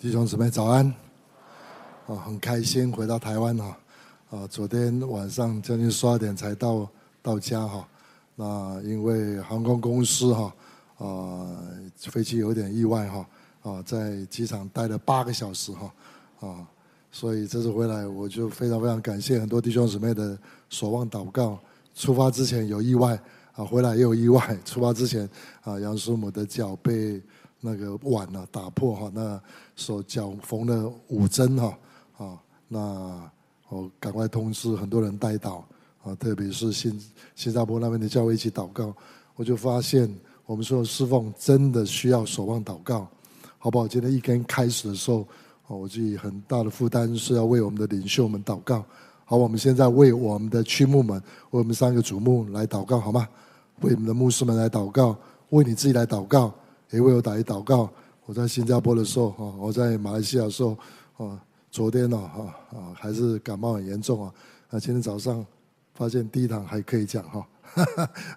弟兄姊妹早安，啊，很開心回到台灣哈，啊，昨天晚上將近十二點才到到家哈，那、啊、因為航空公司哈，啊，飛機有點意外哈，啊，在機場待了八個小時哈，啊，所以這次回來我就非常非常感謝很多弟兄姊妹的守望禱告。出發之前有意外，啊，回來也有意外。出發之前，啊，楊師母的腳被。那個碗呢，打破哈，那手腳縫了五針哈，啊，那我趕快通知很多人代禱啊，特別是新新加坡那邊的，教會一起禱告。我就發現，我們說侍奉真的需要守望禱告，好不好？今天一天開始的時候，我自己很大的負擔是要為我們的領袖們禱告。好，好，我們現在為我們的區牧們，為我們三個主牧來禱告，好嗎？為我們的牧師們來禱告，為你自己來禱告。也為我打一禱告。我在新加坡的時候，哈，我在馬來西亞的時候，昨天呢，哈，啊，還是感冒很嚴重啊。那今天早上發現第一堂還可以講哈，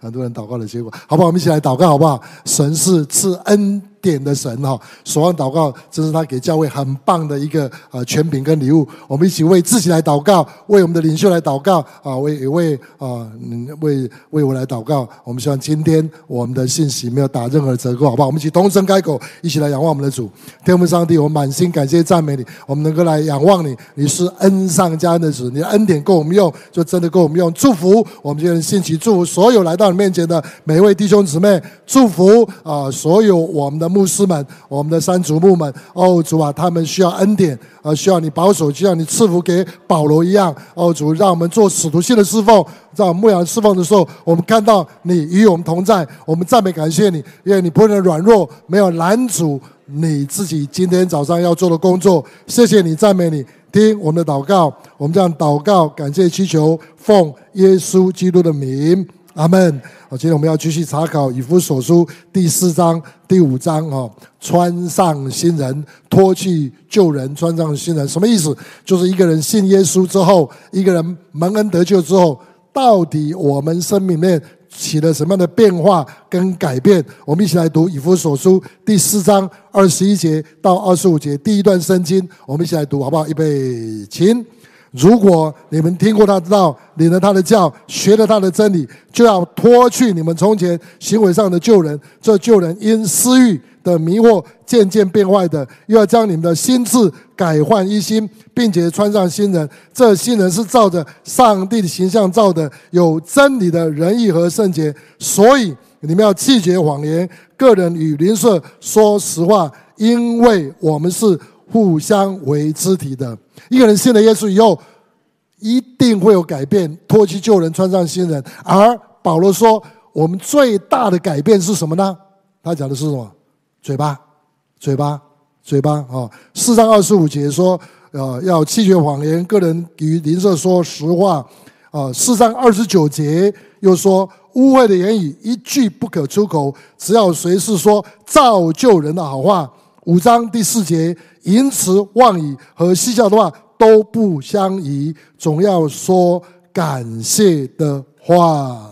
很多人禱告的結果，好不好？我們一起來禱告，好不好？神是賜恩點的神哈，守望禱告，這是他給教會很棒的一個呃權柄跟禮物。我們一起為自己來禱告，為我們的領袖來禱告啊，為為啊，為、呃、為，為我來禱告。我們希望今天我們的信息沒有打任何折扣，好不好？我們一起同聲開口，一起來仰望我們的主，天父上帝，我滿心感謝讚美你，我們能夠來仰望你，你是恩上加恩的主，你的恩典夠我們用，就真的夠我們用。祝福我們今天的信息，祝福所有來到你面前的每一位弟兄姊妹，祝福啊、呃，所有我們的。牧師們，我們的山族牧們，奧、哦、主啊，他們需要恩典，需要你保守，就像你賜福給保羅一樣，奧、哦、主，讓我們做使徒性的侍奉，在牧羊侍奉的時候，我們看到你與我們同在，我們讚美感謝你，因為你不能軟弱，沒有攔阻你自己今天早上要做的工作，謝謝你，讚美你，聽我們的禱告，我們這樣禱告，感謝祈求，奉耶穌基督的名。阿們。好，今天我們要繼續查考《以弗所書》第四章、第五章哦。穿上新人，脫去舊人，穿上新人，什麼意思？就是一個人信耶穌之後，一個人蒙恩得救之後，到底我們生命裏面起了什麼樣的變化跟改變？我們一起來讀《以弗所書》第四章二十一節到二十五節第一段聖經，我們一起來讀好不好？預備，起。如果你們聽過他的道，領了他的教，學了他的真理，就要脫去你們從前行為上的舊人，這舊人因私欲的迷惑漸漸變壞的，又要將你們的心志改換一新，並且穿上新人，這新人是照着上帝的形象造的，有真理的仁義和聖潔。所以你們要棄絕謊言，各人與鄰舍說實話，因為我們是，互相為肢體的。一個人信了耶穌以後，一定會有改變，脫去舊人，穿上新人。而保羅說，我們最大的改變是什麼呢？他講的是什麼？嘴巴，嘴巴，嘴巴啊！哦，四章二十五節說，呃，要棄絕謊言，各人與鄰舍說實話。啊、哦，四章二十九節又說，污穢的言語一句不可出口，只要隨時說造就人的好話。五章第四節，淫詞妄語和戲笑的話都不相宜，總要說感謝的話。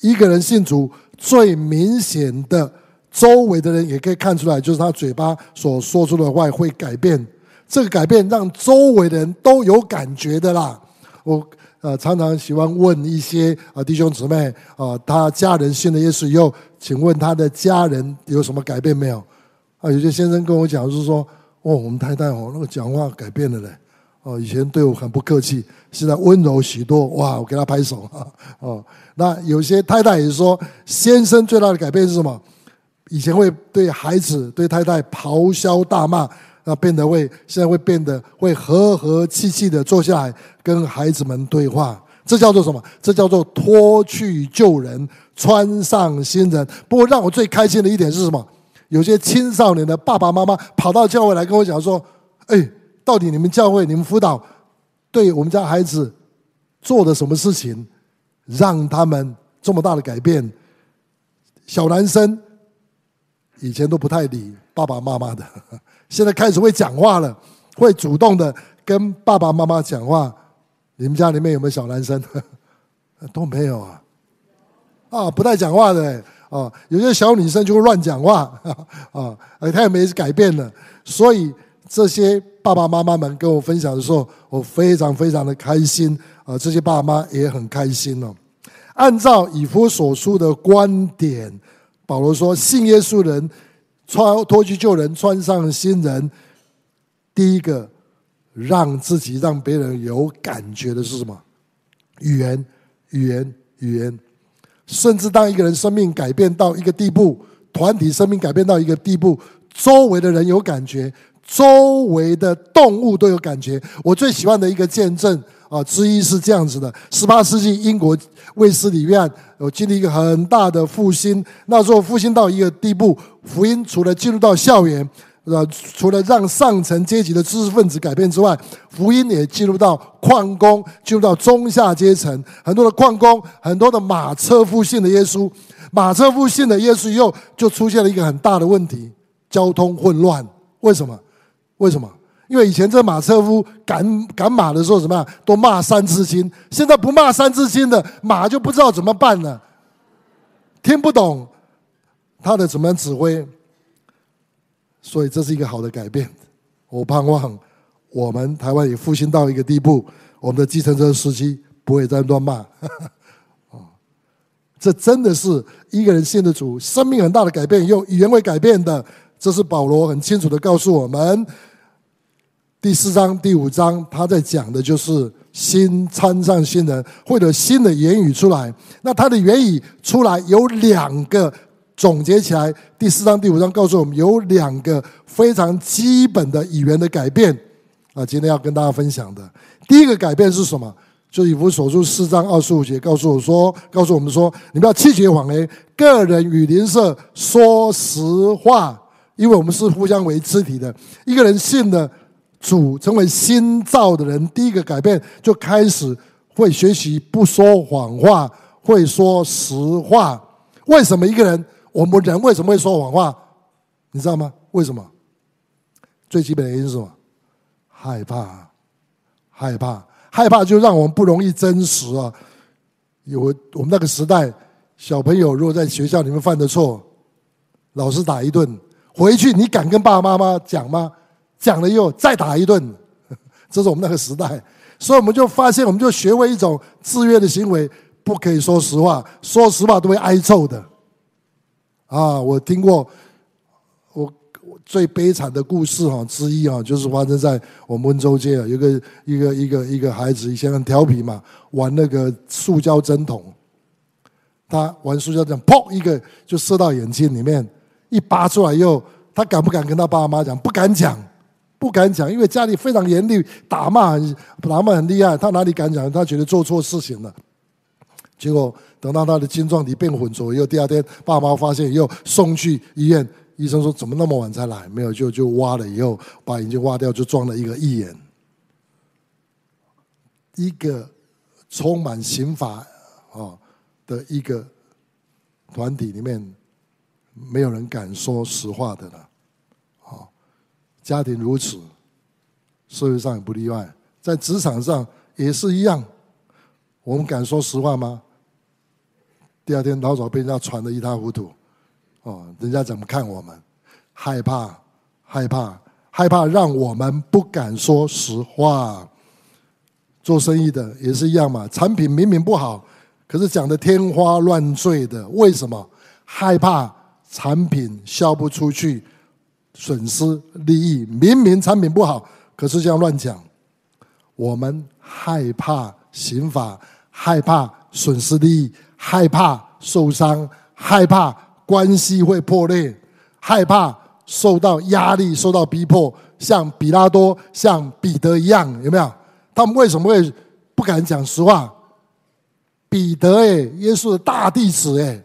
一個人信主，最明顯的，周圍的人也可以看出來，就是他嘴巴所說出的話會改變。這個改變讓周圍的人都有感覺的啦。我呃常常喜歡問一些呃、啊、弟兄姊妹呃，他、啊、家人信了耶穌以後，請問他的家人有什麼改變沒有？啊，有些先生跟我講，就是說，哦，我們太太哦，那個講話改變了嘞，哦，以前對我很不客氣，現在溫柔許多，哇，我給他拍手啊，哦，那有些太太也是說，先生最大的改變是什麼？以前會對孩子、對太太咆哮大罵，那變得會，現在會變得會和和氣氣的坐下來跟孩子們對話，這叫做什麼？這叫做脫去舊人，穿上新人。不過讓我最開心的一點是什麼？有些青少年的爸爸媽媽跑到教會來跟我講說：“哎，欸，到底你們教會、你們輔導，對我們家孩子做的什麼事情，讓他們這麼大的改變？小男生以前都不太理爸爸媽媽的，現在開始會講話了，會主動的跟爸爸媽媽講話。你們家裡面有沒有小男生？都沒有啊，啊，不太講話的，欸。”啊、哦，有些小女生就會亂講話，啊，哎、哦，她也沒改變了。所以這些爸爸媽媽們跟我分享的時候，我非常非常的開心。啊、哦，這些爸媽也很開心哦。按照以弗所書的觀點，保羅說，信耶穌人穿脫去舊人，穿上新人。第一個讓自己、讓別人有感覺的是什麼？語言，語言，語言。甚至當一個人生命改變到一個地步，團體生命改變到一個地步，周圍的人有感覺，周圍的動物都有感覺。我最喜歡的一個見證啊之一是這樣子的：十八世紀英國衛斯理院，有經歷一個很大的復興，那時候復興到一個地步，福音除了進入到校園。呃，除了讓上層階級的知識分子改變之外，福音也進入到礦工，進入到中下階層。很多的礦工，很多的馬車夫信了耶穌，馬車夫信了耶穌以後，就出現了一個很大的問題：交通混亂。為什麼？為什麼？因為以前這馬車夫趕趕馬的時候，怎麼樣都罵三字經。現在不罵三字經的，馬就不知道怎麼辦了，聽不懂他的怎麼樣指揮。所以這是一個好的改變，我盼望我們台灣也復興到一個地步，我們的計程車司機不會再亂罵。哦， 這真的是一個人信的主，生命很大的改變，用語言會改變的。這是保羅很清楚的告訴我們，第四章、第五章，他在講的就是新參上新人會有新的言語出來。那他的言語出來有兩個。總結起來，第四章、第五章告訴我們有兩個非常基本的語言的改變啊。今天要跟大家分享的第一個改變是什麼？就是《以弗所書》四章二十五節告訴我說，告訴我們說，你們要棄絕謊言，各人與鄰舍說實話。因為我們是互相為肢體的，一個人信了主，成為新造的人，第一個改變就開始會學習不說謊話，會說實話。為什麼一個人？我們人為什麼會說謊話？你知道嗎？為什麼？最基本的原因是什麼？害怕，害怕，害怕就讓我們不容易真實啊！有我們那個時代，小朋友如果在學校裡面犯的錯，老師打一頓，回去你敢跟爸爸媽媽講嗎講了又再打一頓。這是我們那個時代，所以我們就發現，我們就學會一種制約的行為，不可以說實話，說實話都會挨揍的。啊，我聽過我最悲慘的故事哈、哦、之一啊、哦，就是發生在我們溫州街，有個一個一個一個，一個孩子以前很調皮嘛，玩那個塑膠針筒，他玩塑膠針，砰一個就射到眼睛裡面，一拔出來又他敢不敢跟他爸媽講？不敢講，不敢講，因為家裡非常嚴厲，打罵打罵很厲害，他哪裡敢講？他覺得做錯事情了，結果。等到他的晶狀體變渾濁，又第二天爸媽發現以後，又送去醫院。醫生說：“怎麼那麼晚才來？”沒有，就就挖了，以後把眼睛挖掉，就裝了一個義眼。一個充滿刑罰啊的一個團體裡面，沒有人敢說實話的了。啊，家庭如此，社會上也不例外，在職場上也是一樣。我們敢說實話嗎？第二天，老早被人家傳的一塌糊塗，哦，人家怎麼看我們？害怕，害怕，害怕，讓我們不敢說實話。做生意的也是一樣嘛，產品明明不好，可是講得天花亂墜的，為什麼？害怕產品銷不出去，損失利益。明明產品不好，可是這樣亂講，我們害怕刑法，害怕。損失利益，害怕受傷，害怕關係會破裂，害怕受到壓力、受到逼迫，像比拉多、像彼得一樣，有沒有？他們為什麼會不敢講實話？彼得，耶，耶穌的大弟子，耶。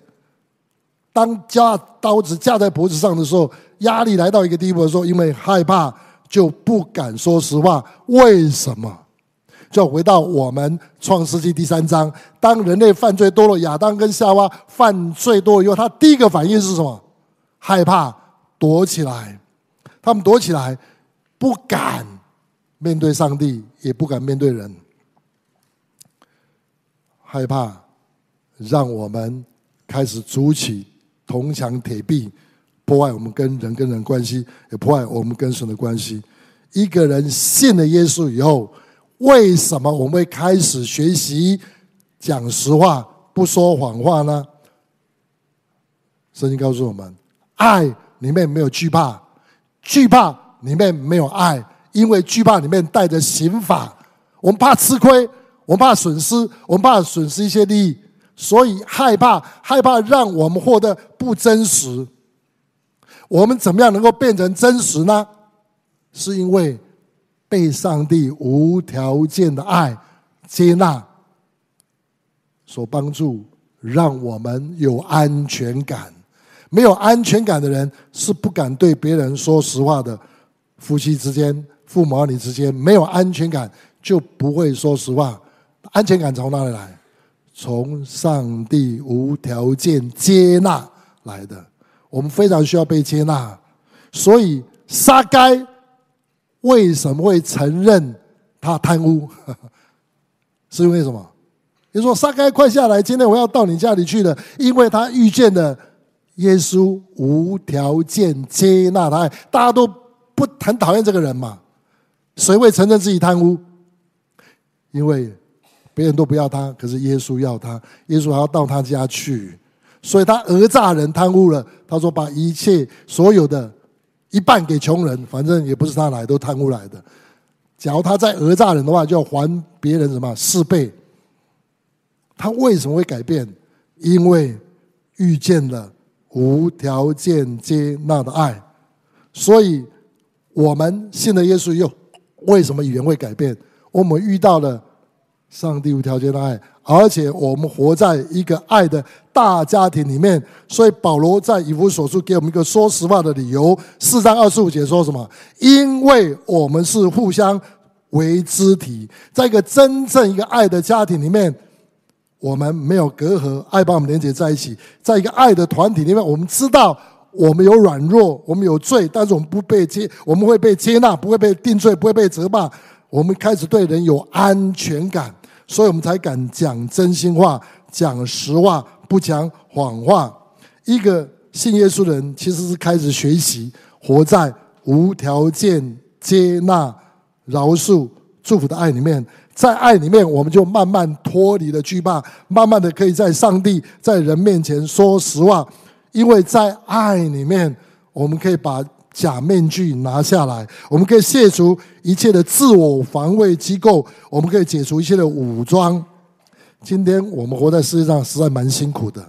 當架刀子架在脖子上的時候，壓力來到一個地步的時候，因為害怕，就不敢說實話。為什麼？就回到我們《創世紀》第三章，當人類犯罪多了，亞當跟夏娃犯罪多了以後，他第一個反應是什麼？害怕，躲起來。他們躲起來，不敢面對上帝，也不敢面對人，害怕。讓我們開始築起銅牆鐵壁，破壞我們跟人跟人關係，也破壞我們跟神的關係。一個人信了耶穌以後。為什麼我們會開始學習講實話、不說謊話呢？聖經告訴我們：愛裡面沒有懼怕，懼怕裡面沒有愛，因為懼怕裡面帶着刑罰。我們怕吃虧，我們怕損失，我們怕損失一些利益，所以害怕，害怕讓我們活得不真實。我們怎麼樣能夠變成真實呢？是因為。被上帝無條件的愛接納，所幫助，讓我們有安全感。沒有安全感的人是不敢對別人說實話的。夫妻之間、父母兒女之間，沒有安全感就不會說實話。安全感從哪裡來？從上帝無條件接納來的。我們非常需要被接納，所以撒該。為什麼會承認他貪污？是因為什麼？你說撒該快下來，今天我要到你家裡去了。因為他遇見了耶穌無條件接納他、愛，大家都不很討厭這個人嘛。誰會承認自己貪污？因為別人都不要他，可是耶穌要他，耶穌還要到他家去，所以他訛詐人貪污了。他說：“把一切所有的。”一半給窮人，反正也不是他來，都貪污來的。假如他在訛詐人的話，就要還別人什麼四倍。他為什麼會改變？因為遇見了無條件接納的愛。所以我們信了耶穌又為什麼語言會改變？我們遇到了。上帝無條件的愛，而且我們活在一個愛的大家庭裡面。所以保羅在以弗所書給我們一個說實話的理由。四章二十五節說什麼？因為我們是互相為肢體，在一個真正一個愛的家庭裡面，我們沒有隔閡，愛把我們連接在一起。在一個愛的團體裡面，我們知道我們有軟弱，我們有罪，但是我們不被接，我們會被接納，不會被定罪，不會被責罵。我們開始對人有安全感，所以我們才敢講真心話、講實話，不講謊話。一個信耶穌的人，其實是開始學習活在無條件接納、饒恕、祝福的愛裡面。在愛裡面，我們就慢慢脫離了懼怕，慢慢的可以在上帝在人面前說實話，因為在愛裡面，我們可以把假面具拿下來，我們可以卸除一切的自我防衛機構，我們可以解除一切的武裝。今天我們活在世界上實在蠻辛苦的，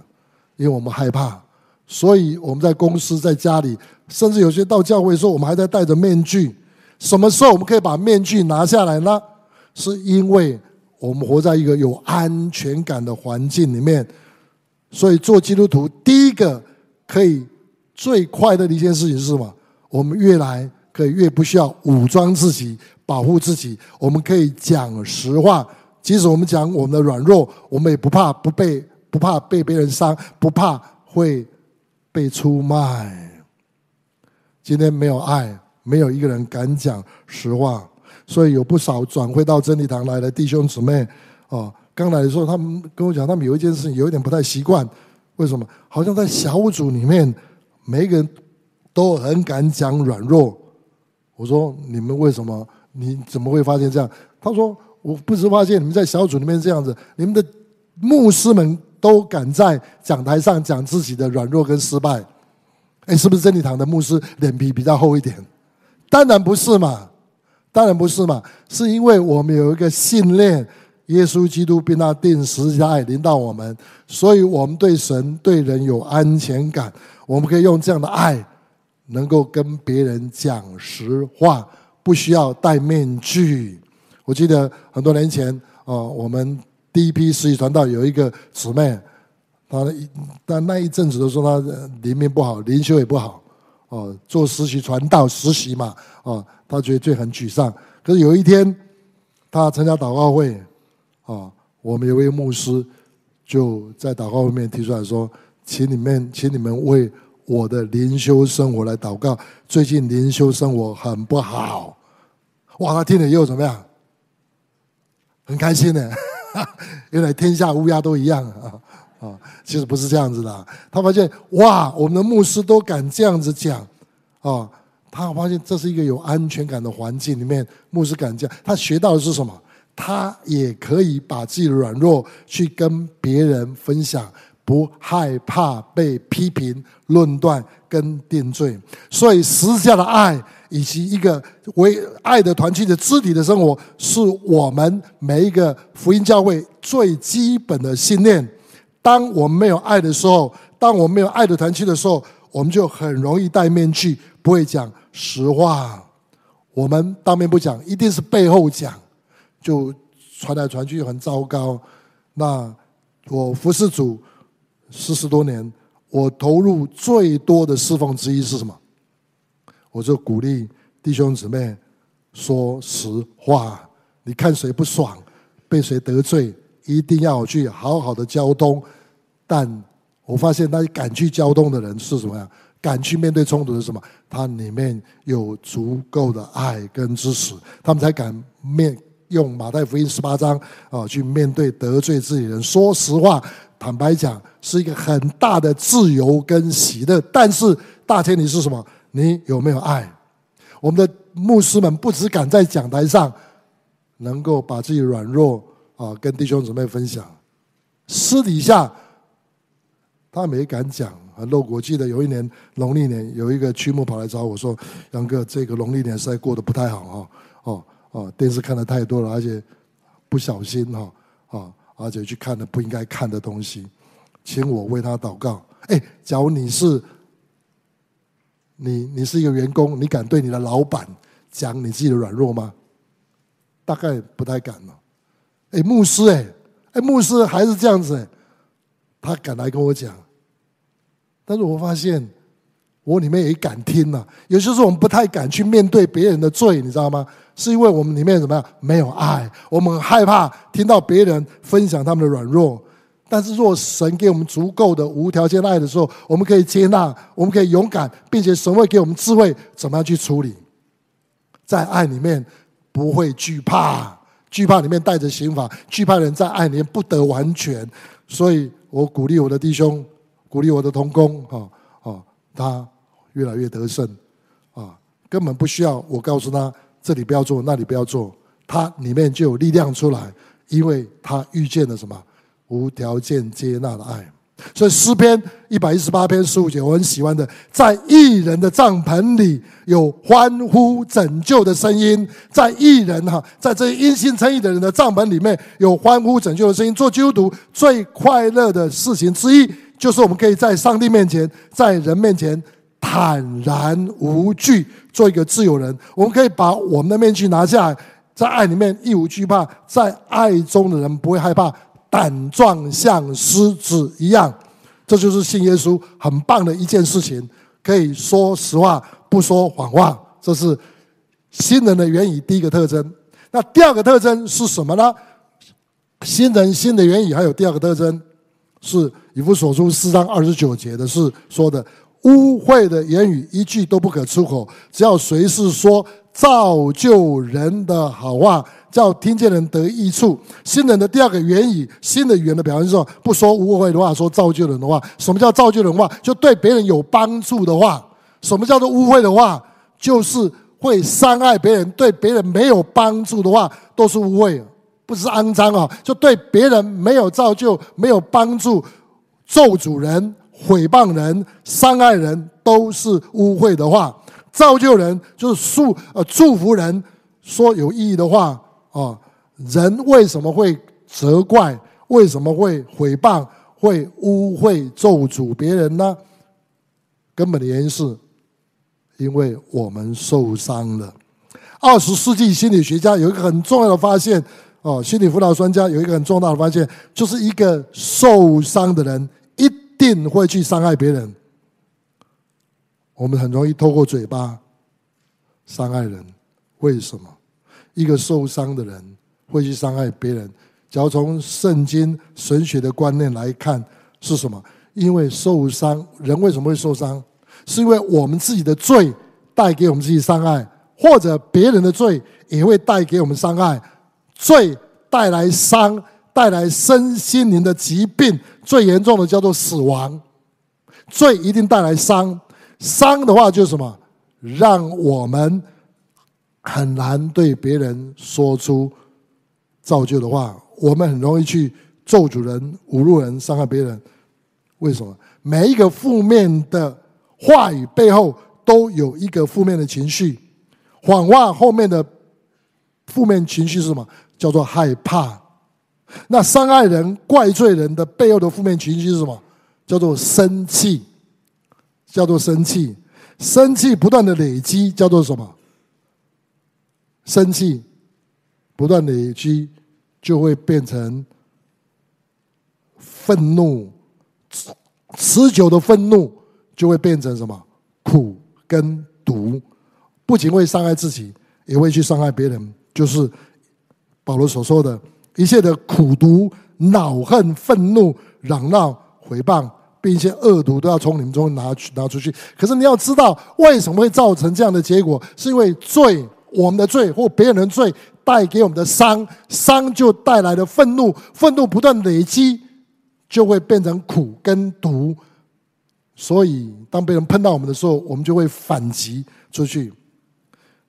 因為我們害怕，所以我們在公司、在家裡，甚至有些到教會，說我們還在戴着面具。什麼時候我們可以把面具拿下來呢？是因為我們活在一個有安全感的環境裡面，所以做基督徒第一個可以最快樂的一件事情是什麼？我們越來可以越不需要武裝自己，保護自己。我們可以講實話，即使我們講我們的軟弱，我們也不怕不被不怕被別人傷，不怕會被出賣。今天沒有愛，沒有一個人敢講實話，所以有不少轉會到真理堂來的弟兄姊妹，哦，剛來的時候他們跟我講，他們有一件事有一點不太習慣，為什麼？好像在小組裡面，每一個人。都很敢講軟弱，我說你們為什麼？你怎麼會發現這樣？他說我不是發現你們在小組裡面這樣子，你們的牧師們都敢在講台上講自己的軟弱跟失敗。哎，是不是真理堂的牧師臉皮比較厚一點？當然不是嘛，當然不是嘛，是因為我們有一個信念，耶穌基督並他釘十字架的愛臨到我們，所以我們對神對人有安全感，我們可以用這樣的愛。能夠跟別人講實話，不需要戴面具。我記得很多年前，啊、哦，我們第一批實習傳道有一個姊妹，她那一，但那一陣子的時候，她靈命不好，靈修也不好，哦，做實習傳道實習嘛，哦，她覺得這很沮喪。可是有一天，她參加禱告會，哦，我們有位牧師就在禱告會面提出來說：“請你們，請你們為。”我的靈修生活來禱告，最近靈修生活很不好。哇！他聽了又怎麼樣？很開心的，原來天下烏鴉都一樣啊啊！其實不是這樣子的，他發現哇，我們的牧師都敢這樣子講啊，他發現這是一個有安全感的環境裡面，牧師敢講，他學到的是什麼？他也可以把自己的軟弱去跟別人分享。不害怕被批評、論斷跟定罪，所以私下的愛以及一個為愛的團契的肢體的生活，是我們每一個福音教會最基本的信念。當我們沒有愛的時候，當我們沒有愛的團契的時候，我們就很容易戴面具，不會講實話。我們當面不講，一定是背後講，就傳來傳去很糟糕。那我服事主。四十多年，我投入最多的侍奉之一是什麼？我就鼓勵弟兄姊妹說實話。你看誰不爽，被誰得罪，一定要去好好的交通。但我發現，那敢去交通的人是什麼樣？敢去面對衝突的什麼？他裡面有足夠的愛跟支持，他們才敢面用馬太福音十八章啊，呃，去面對得罪自己人，說實話。坦白講，是一個很大的自由跟喜樂，但是大前提是什麼？你有沒有愛？我們的牧師們不只敢在講台上能夠把自己軟弱啊跟弟兄姊妹分享，私底下他沒敢講啊。露國記得有一年農曆年，有一個區牧跑來找我，我說：“楊哥，這個農曆年實在過得不太好啊，哦哦，電視看得太多了，而且不小心哈啊。哦”哦而且去看了不應該看的東西，請我為他禱告。哎，假如你是你，你是一個員工，你敢對你的老闆講你自己的軟弱嗎？大概不太敢了哦。哎，牧師，哎，哎，牧師還是這樣子，哎，他敢來跟我講，但是我發現。我裡面也敢聽了，啊，也就是我們不太敢去面對別人的罪，你知道嗎？是因為我們裡面怎麼樣？沒有愛，我們害怕聽到別人分享他們的軟弱。但是，若神給我們足夠的無條件的愛的時候，我們可以接納，我們可以勇敢，並且神會給我們智慧，怎麼樣去處理？在愛裡面不會懼怕，懼怕裡面帶着刑罰，懼怕人在愛裡面不得完全。所以我鼓勵我的弟兄，鼓勵我的同工，哈、哦，啊、哦，他。越來越得勝，啊，根本不需要我告訴他這裡不要做，那裡不要做，他裡面就有力量出來，因為他遇見了什麼，無條件接納的愛。所以詩篇一百一十八篇十五節我很喜歡的，在義人的帳篷裡有歡呼拯救的聲音，在義人哈，在這些因信稱義的人的帳篷裡面有歡呼拯救的聲音。做基督徒最快樂的事情之一，就是我們可以在上帝面前，在人面前坦然無懼，做一個自由人。我們可以把我們的面具拿下來，在愛裡面一無懼怕，在愛中的人不會害怕，膽壯像獅子一樣。這就是信耶穌很棒的一件事情，可以說實話，不說謊話。這是新人的言語第一個特徵。那第二個特徵是什麼呢？新人新的言語還有第二個特徵，是以弗所書四章二十九節的是說的。污穢的言語一句都不可出口。只要隨事說造就人的好話，叫聽見人得益處。新人的第二個言語，新的語言的表現是說：不說污穢的話，說造就人的話。什麼叫造就人的話？就對別人有幫助的話。什麼叫做污穢的話？就是會傷害別人、對別人沒有幫助的話，都是污穢，不是骯髒啊、哦！就對別人沒有造就、沒有幫助，咒詛人。毀謗人、傷害人都是污穢的話，造就人就是祝呃祝福人，說有意義的話啊、哦。人為什麼會責怪？為什麼會毀謗？會污穢咒詛別人呢？根本的原因是，因為我們受傷了。二十世紀心理學家有一個很重要的發現，哦，心理輔導專家有一個很重大的發現，就是一個受傷的人。一定會去傷害別人。我們很容易透過嘴巴傷害人，為什麼？一個受傷的人會去傷害別人？只要從聖經神學的觀念來看，是什麼？因為受傷。人為什麼會受傷？是因為我們自己的罪帶給我們自己傷害，或者別人的罪也會帶給我們傷害。罪帶來傷。帶來身心靈的疾病，最嚴重的叫做死亡；最一定帶來傷。傷的話就是什麼？讓我們很難對別人說出造就的話。我們很容易去咒詛人、侮辱人、傷害別人。為什麼？每一個負面的話語背後都有一個負面的情緒。謊話後面的負面情緒是什麼？叫做害怕。那傷害人、怪罪人的背後的負面情緒是什麼？叫做生氣，叫做生氣。生氣不斷的累積，叫做什麼？生氣不斷的累積，就會變成憤怒。持久的憤怒就會變成什麼？苦跟毒，不僅會傷害自己，也會去傷害別人。就是保羅所說的。一切的苦毒、惱恨、憤怒、嚷鬧、誹謗，並一些惡毒，都要從你們中拿去、拿出去。可是你要知道，為什麼會造成這樣的結果？是因為罪，我們的罪或別人的罪，帶給我們的傷，傷就帶來了憤怒，憤怒不斷累積，就會變成苦跟毒。所以，當別人碰到我們的時候，我們就會反擊出去。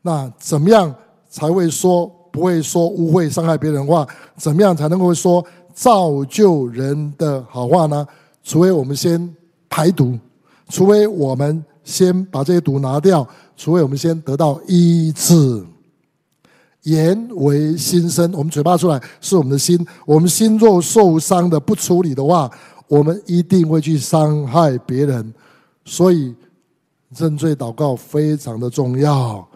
那怎麼樣才會說？不會說污穢傷害別人的話，怎麼樣才能夠說造就人的好話呢？除非我們先排毒，除非我們先把這些毒拿掉，除非我們先得到醫治。言為心聲，我們嘴巴出來是我們的心。我們心若受傷的不處理的話，我們一定會去傷害別人。所以認罪禱告非常的重要。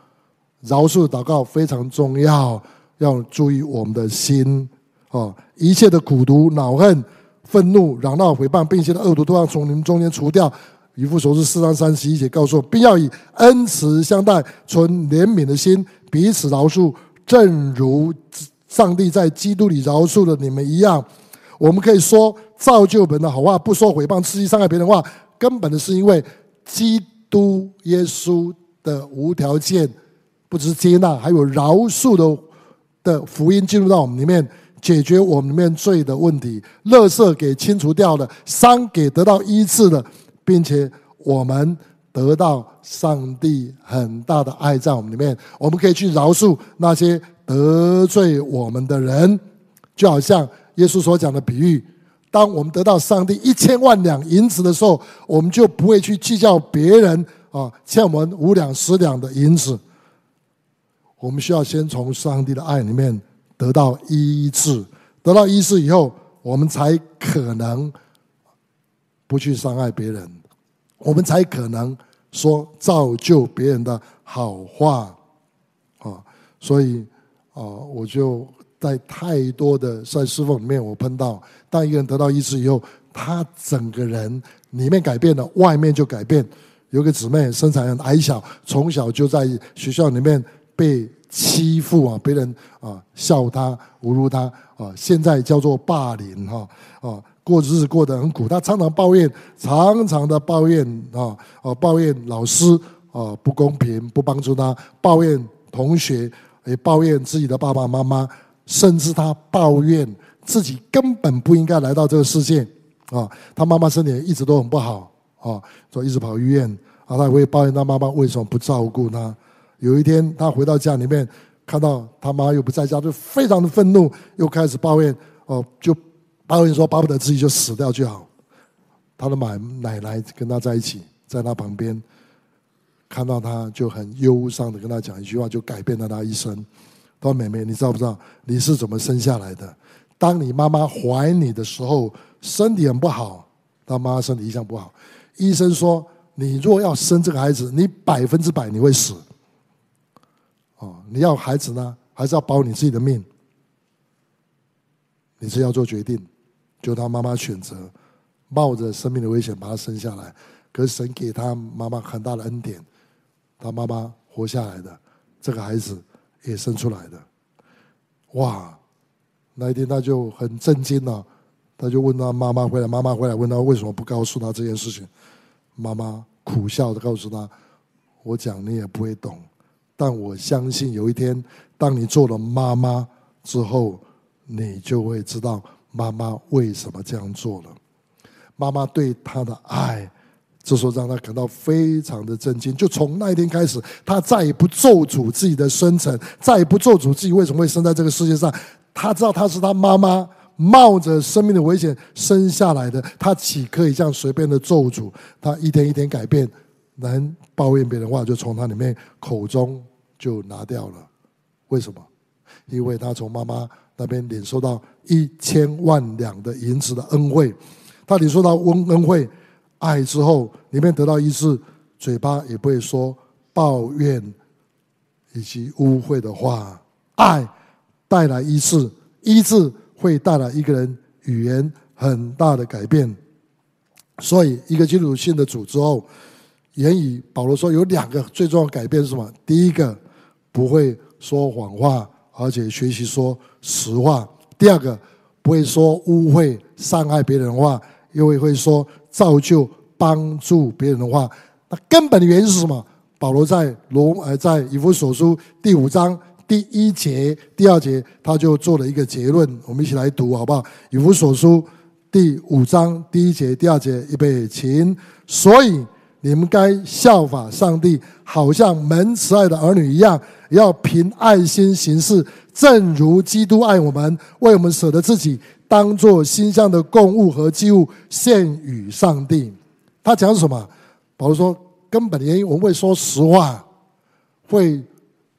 饒恕的禱告非常重要，要注意我們的心哦。一切的苦毒、惱恨、憤怒、嚷鬧、誹謗，並且的惡毒，都要從你們中間除掉。以弗所書四章三十一節告訴我，並要以恩慈相待，存憐憫的心，彼此饒恕，正如上帝在基督裡饒恕了你們一樣。我們可以說，造就別人的好話，不說誹謗、刺激傷害別人的話，根本的是因為基督耶穌的無條件不知接納，還有饒恕的的福音進入到我們裡面，解決我們裡面罪的問題，樂色給清除掉了，傷給得到醫治的，並且我們得到上帝很大的愛在我們裡面，我們可以去饒恕那些得罪我們的人。就好像耶穌所講的比喻，當我們得到上帝一千萬兩銀子的時候，我們就不會去計較別人啊欠我們五兩十兩的銀子。我們需要先從上帝的愛裡面得到醫治，得到醫治以後，我們才可能不去傷害別人，我們才可能說造就別人的好話，啊、哦，所以啊、哦，我就在太多的在侍奉裡面，我碰到當一個人得到醫治以後，他整個人裡面改變了，外面就改變。有個姊妹身材很矮小，從小就在學校裡面，被欺負啊！別人啊笑他、侮辱他啊！現在叫做霸凌哈！啊，過日子過得很苦，他常常抱怨，常常的抱怨啊啊！抱怨老師啊不公平、不幫助他，抱怨同學，也抱怨自己的爸爸媽媽，甚至他抱怨自己根本不應該來到這個世界啊！他媽媽身體一直都很不好啊，所以一直跑醫院啊，他也會抱怨他媽媽為什麼不照顧他。有一天，他回到家裡面，看到他媽又不在家，就非常的憤怒，又開始抱怨。哦、呃，就抱怨說，巴不得自己就死掉就好。他的奶奶跟他在一起，在他旁邊，看到他就很憂傷的跟他講一句話，就改變了他一生。他說：“妹妹，你知道不知道你是怎麼生下來的？當你媽媽懷你的時候，身體很不好。他媽，媽身體一向不好，醫生說，你若要生這個孩子，你百分之百你會死。”哦，你要孩子呢，還是要保你自己的命？你是要做決定。就他媽媽選擇，冒着生命的危險把他生下來。可是神給他媽媽很大的恩典，他媽媽活下來的，這個孩子也生出來的。哇！那一天他就很震驚了，他就問他媽媽回來，媽媽回來，問他為什麼不告訴他這件事情。媽媽苦笑地告訴他：“我講你也不會懂。”但我相信有一天，當你做了媽媽之後，你就會知道媽媽為什麼這樣做了。媽媽對他的愛，這時候讓他感到非常的震驚。就從那一天開始，他再也不咒詛自己的生辰，再也不咒詛自己為什麼會生在這個世界上。他知道他是他媽媽冒着生命的危險生下來的，他豈可以這樣隨便的咒詛？他一天一天改變，能抱怨別人的話，就從他裡面口中。就拿掉了，為什麼？因為他從媽媽那邊領受到一千萬兩的銀子的恩惠，他領受到恩恩惠愛之後，裡面得到醫治，嘴巴也不會說抱怨以及污穢的話，愛帶來醫治，醫治會帶來一個人語言很大的改變。所以，一個基督徒信主之後，言語，保羅說有兩個最重要的改變是什麼？第一個。不會說謊話，而且學習說實話。第二個，不會說污穢、傷害別人的話，又會說造就、幫助別人的話。那根本的原因是什麼？保羅在羅，呃，在以弗所書第五章第一節、第二節，他就做了一個結論。我們一起來讀，好不好？以弗所書第五章第一節、第二節，預備起。所以你們該效法上帝，好像蒙慈愛的兒女一樣，要憑愛心行事，正如基督愛我們，為我們捨得自己，當做馨香的供物和祭物獻與上帝。他講什麼？保羅說，根本的原因，我們會說實話，會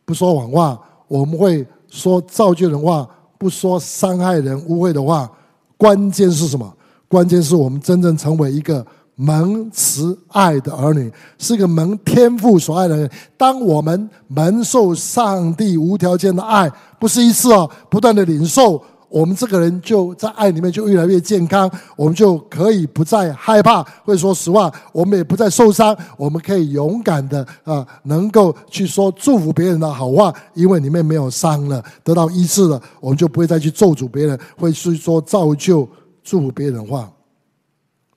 不說謊話，我們會說造就人話，不說傷害人、污穢的話。關鍵是什麼？關鍵是我們真正成為一個。蒙慈愛的兒女，是一個蒙天父所愛的人。當我們蒙受上帝無條件的愛，不是一次哦，不斷的領受，我們這個人就在愛裡面就越來越健康。我們就可以不再害怕，會說實話，我們也不再受傷。我們可以勇敢的啊、呃，能夠去說祝福別人的好話，因為裡面沒有傷了，得到醫治了，我們就不會再去咒詛別人，會去說造就祝福別人的話。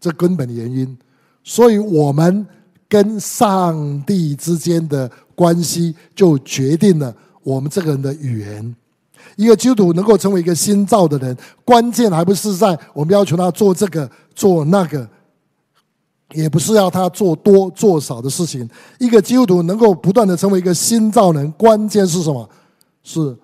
這根本的原因，所以我們跟上帝之間的關係，就決定了我們這個人的語言。一個基督徒能夠成為一個新造的人，關鍵還不是在我們要求他做這個做那個，也不是要他做多做少的事情。一個基督徒能夠不斷的成為一個新造人，關鍵是什麼？是。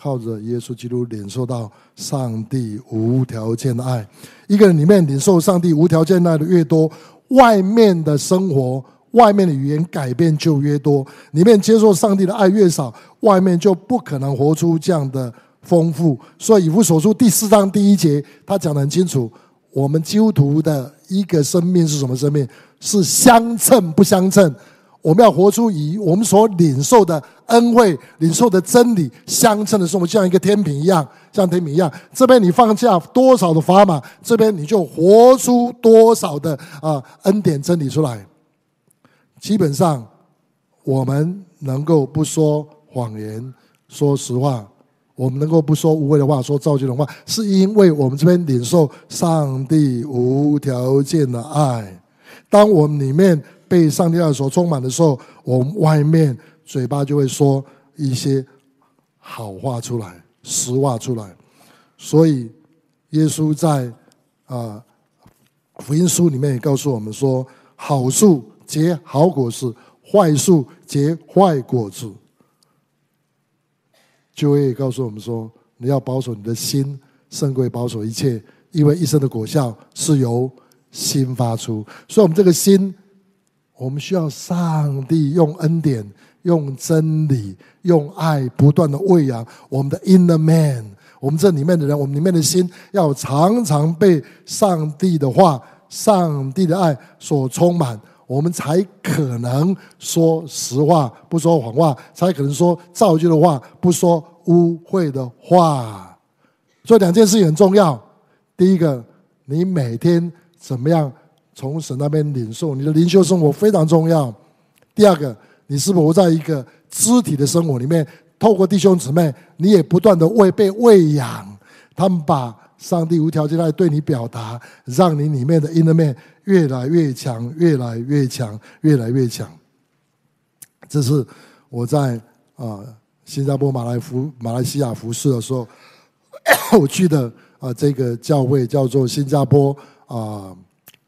靠着耶穌基督領受到上帝無條件的愛，一個人裡面領受上帝無條件愛的越多，外面的生活、外面的語言改變就越多；裡面接受上帝的愛越少，外面就不可能活出這樣的豐富。所以以弗所書第四章第一節，他講得很清楚：我們基督徒的一個生命是什麼生命？是相稱不相稱？我們要活出以我們所領受的恩惠、領受的真理相稱的，是我們像一個天平一樣，像天平一樣，這邊你放下多少的砝碼、碼，這邊你就活出多少的啊、呃、恩典真理出來。基本上，我們能夠不說謊言，說實話，我們能夠不說無謂的話，說造就的話，是因為我們這邊領受上帝無條件的愛。當我們裡面。被上帝愛所充滿的時候，我們外面嘴巴就會說一些好話出來、實話出來。所以，耶穌在啊、呃、福音書裡面也告訴我們說：“好樹結好果子，壞樹結壞果子。”就會告訴我們說：“你要保守你的心，勝過保守一切，因為一生的果效是由心發出。”所以，我們這個心。我們需要上帝用恩典、用真理、用愛不斷的餵養我們的 inner man，我們這裡面的人，我們裡面的心，要常常被上帝的話、上帝的愛所充滿，我們才可能說實話，不說謊話，才可能說造就的話，不說污穢的話。所以兩件事情很重要。第一個，你每天怎麼樣？從神那邊領受你的靈修生活非常重要。第二個，你是否在一個肢體的生活裡面，透過弟兄姊妹，你也不斷的餵被餵養，他們把上帝無條件來對你表達，讓你裡面的 inner man 越來越強，越來越強，越來越強。這是我在啊、呃、新加坡馬來福馬來西亞服侍的時候，我去的啊這個教會叫做新加坡啊。呃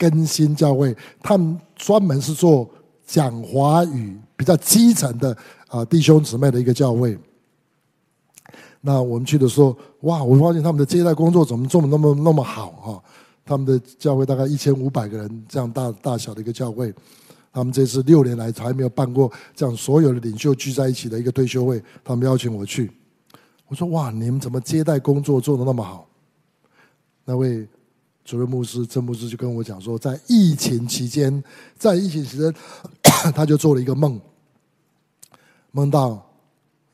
更新教會，他們專門是做講華語、比較基層的啊弟兄姊妹的一個教會。那我們去的時候，哇！我發現他們的接待工作怎麼做得那麼那麼好啊，哦。他們的教會大概一千五百個人這樣大大小的一個教會，他們這次六年來還沒有辦過這樣所有的領袖聚在一起的一個退休會，他們邀請我去。我說：“哇，你們怎麼接待工作做得那麼好？”那位。主任牧師、鄭牧師就跟我講說，在疫情期間，在疫情期間，他就做了一個夢，夢到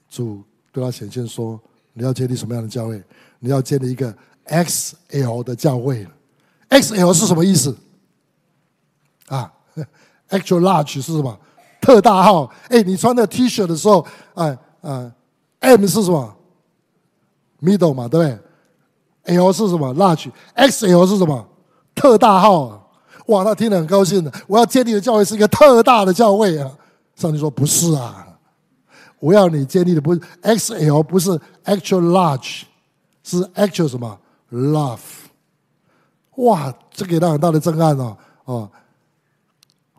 主對他顯現說：“你要建立什麼樣的教會？你要建立一個 XL 的教會，XL 是什麼意思？啊，Actual Large 是什麼？特大號。哎，你穿的 T 恤的時候，啊，啊，M 是什麼？middle 嘛，對不對？” L 是什麼？Large。XL 是什麼？特大號啊。哇，他聽了很高興的。我要建立的教會是一個特大的教會啊！上帝說不是啊，我要你建立的不是 XL，不是 Extra Large，是 Extra 什麼？Love。哇，這給他很大的震撼哦哦。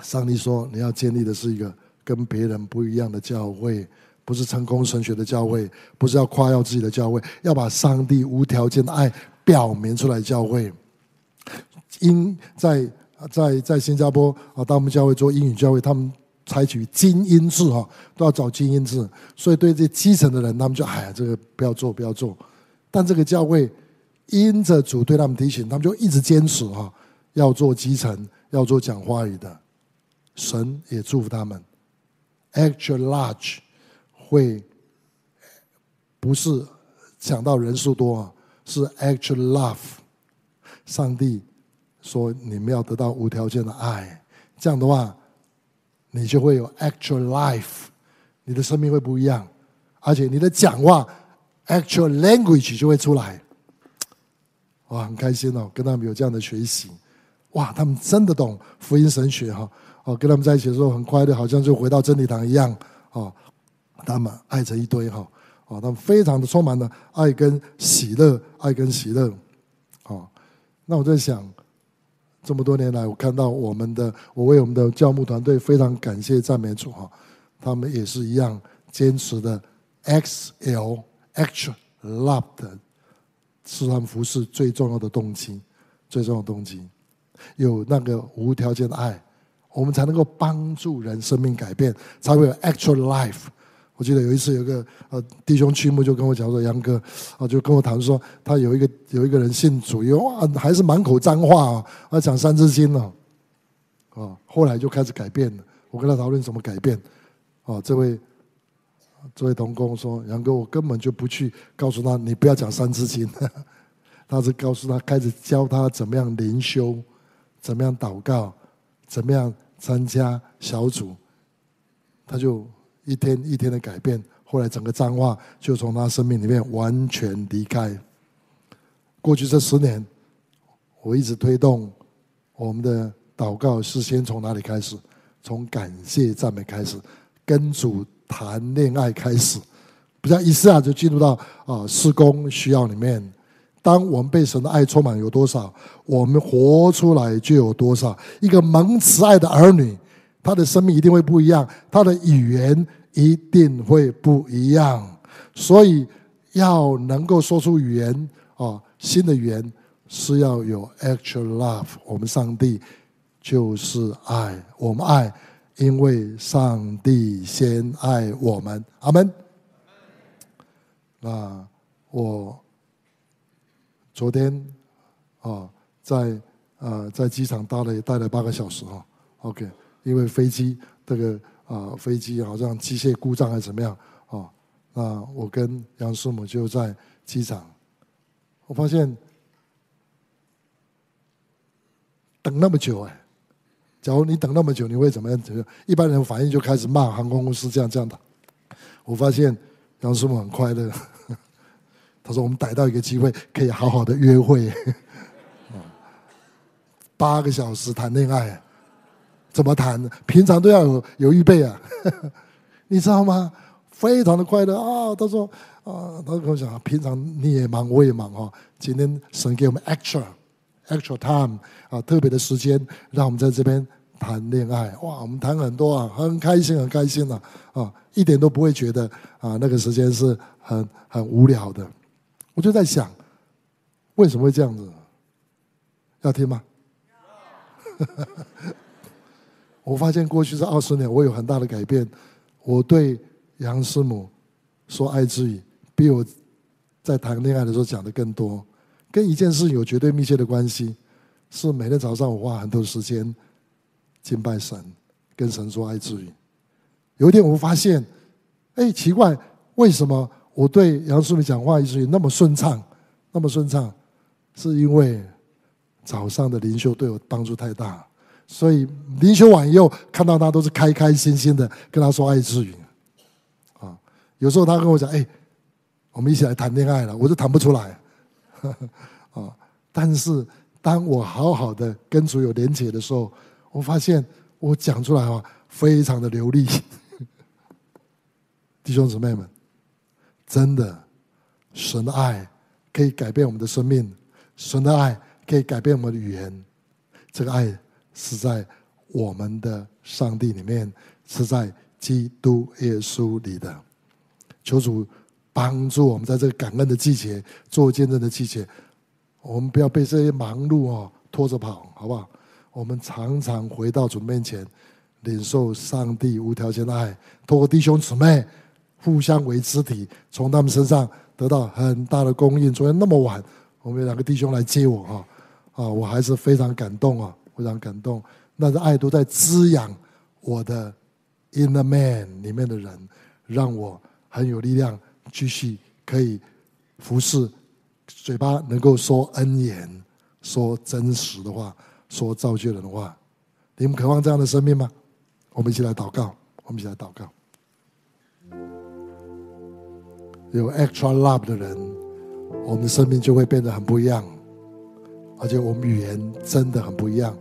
上帝說你要建立的是一個跟別人不一樣的教會。不是成功神學的教會，不是要誇耀自己的教會，要把上帝無條件的愛表明出來。教會因在在在新加坡啊，他們教會做英語教會，他們採取精英制哈，都要找精英制，所以對這些基層的人，他們就哎呀，這個不要做，不要做。但這個教會因着主對他們提醒，他們就一直堅持哈，要做基層，要做講話語的。神也祝福他們。Actual large. 會不是講到人數多，是 actual love。上帝說你們要得到無條件的愛，這樣的話，你就會有 actual life，你的生命會不一樣，而且你的講話 actual language 就會出來。哇，很開心哦，跟他們有這樣的學習，哇，他們真的懂福音神學哈。哦，跟他們在一起的時候很快樂，好像就回到真理堂一樣哦。他們愛着一堆哈，哦，他們非常的充滿了愛跟喜樂，愛跟喜樂，哦，那我在想，這麼多年來，我看到我們的，我為我們的教牧團隊非常感謝讚美主哈，他們也是一樣堅持的 x l actual love 的，使他們服事最重要的動機，最重要的動機，有那個無條件的愛，我們才能夠幫助人生命改變，才會有 actual life。我記得有一次，有個呃弟兄屈目，就跟我講說：“楊哥，啊，就跟我談說，他有一個有一個人信主，哇，還是滿口髒話啊，哦，他講三字經呢，哦，啊，哦，後來就開始改變了。我跟他討論怎麼改變，啊，哦，這位這位同工說，楊哥，我根本就不去告訴他，你不要講三字經，呵呵，他是告訴他，開始教他怎麼樣靈修，怎麼樣禱告，怎麼樣參加小組，他就。”一天一天的改變，後來整個髒話就從他生命裡面完全離開。過去這十年，我一直推動我們的禱告是先從哪裡開始？從感謝讚美開始，跟主談戀愛開始，不要一次就進入到啊事工需要裡面。當我們被神的愛充滿有多少，我們活出來就有多少。一個蒙慈愛的兒女。他的生命一定會不一樣，他的語言一定會不一樣，所以要能夠說出語言哦，新的語言是要有 actual love。我們上帝就是愛，我們愛，因為上帝先愛我們。阿門。那我昨天啊、哦，在呃在機場待了待了八個小時哈、哦，OK。因為飛機這個啊，飛機好像機械故障還是怎麼樣啊、哦？那我跟楊師母就在機場，我發現等那麼久哎、欸。假如你等那麼久，你會怎麼樣？怎麼樣？一般人反應就開始罵航空公司這樣這樣的。我發現楊師母很快樂呵呵，他說我們逮到一個機會可以好好的約會呵呵，八個小時談戀愛。怎麼談，平常都要有有預備啊， 你知道嗎？非常的快樂啊！他、哦、說：“啊，他、哦、跟我講，平常你也忙，我也忙啊、哦。今天神給我們 extra extra time 啊，特別的時間，讓我們在這邊談戀愛。哇，我們談很多啊，很開心，很開心啊，哦、一點都不會覺得啊那個時間是很很無聊的。我就在想，為什麼會這樣子？要聽嗎？” 我發現過去這二十年，我有很大的改變。我對楊師母說愛之語，比我在談戀愛的時候講的更多。跟一件事有絕對密切的關係，是每天早上我花很多時間敬拜神，跟神說愛之語。有一天我發現，哎，奇怪，為什麼我對楊師母講話一直那麼順暢，那麼順暢？是因為早上的靈修對我幫助太大。所以，靈修完以後，看到他都是開開心心的，跟他說愛之語啊、哦。有時候他跟我講：“哎、欸，我們一起來談戀愛了。”我就談不出來啊、哦。但是，當我好好的跟主有連結的時候，我發現我講出來的話非常的流利。弟兄姊妹們，真的，神的愛可以改變我們的生命，神的愛可以改變我們的語言。這個愛。是在我們的上帝裡面，是在基督耶穌裡的。求主幫助我們，在這個感恩的季節，做見證的季節，我們不要被這些忙碌哦拖着跑，好不好？我們常常回到主面前，領受上帝無條件的愛，通過弟兄姊妹互相為肢體，從他們身上得到很大的供應。昨天那麼晚，我們有兩個弟兄來接我哈啊，我還是非常感動啊。非常感動，那個愛都在滋養我的 inner man 裡面的人，讓我很有力量，繼續可以服侍，嘴巴能夠說恩言，說真實的話，說造就人的話。你們渴望這樣的生命嗎？我們一起來禱告，我們一起來禱告。有 extra love 的人，我們的生命就會變得很不一樣，而且我們語言真的很不一樣。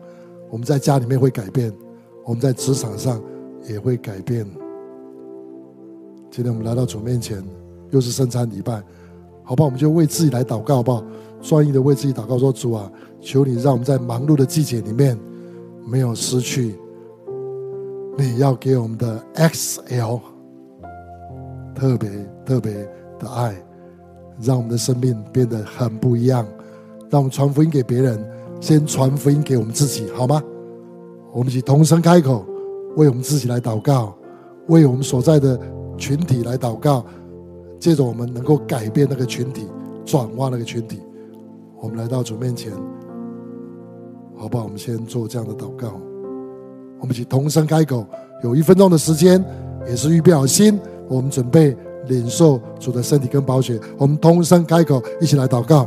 我們在家裡面會改變，我們在職場上也會改變。今天我們來到主面前，又是聖餐禮拜，好不好，我們就為自己來禱告，好不好？專一的為自己禱告說：“主啊，求你讓我們在忙碌的季節裡面，沒有失去你要給我們的 X L 特別特別的愛，讓我們的生命變得很不一樣，讓我們傳福音給別人。”先傳福音給我們自己，好嗎？我們一起同聲開口，為我們自己來禱告，為我們所在的群體來禱告，借着我們能夠改變那個群體，轉化那個群體。我們來到主面前，好不好？我們先做這樣的禱告。我們一起同聲開口，有一分鐘的時間，也是預備好心，我們準備領受主的身體跟寶血。我們同聲開口，一起來禱告。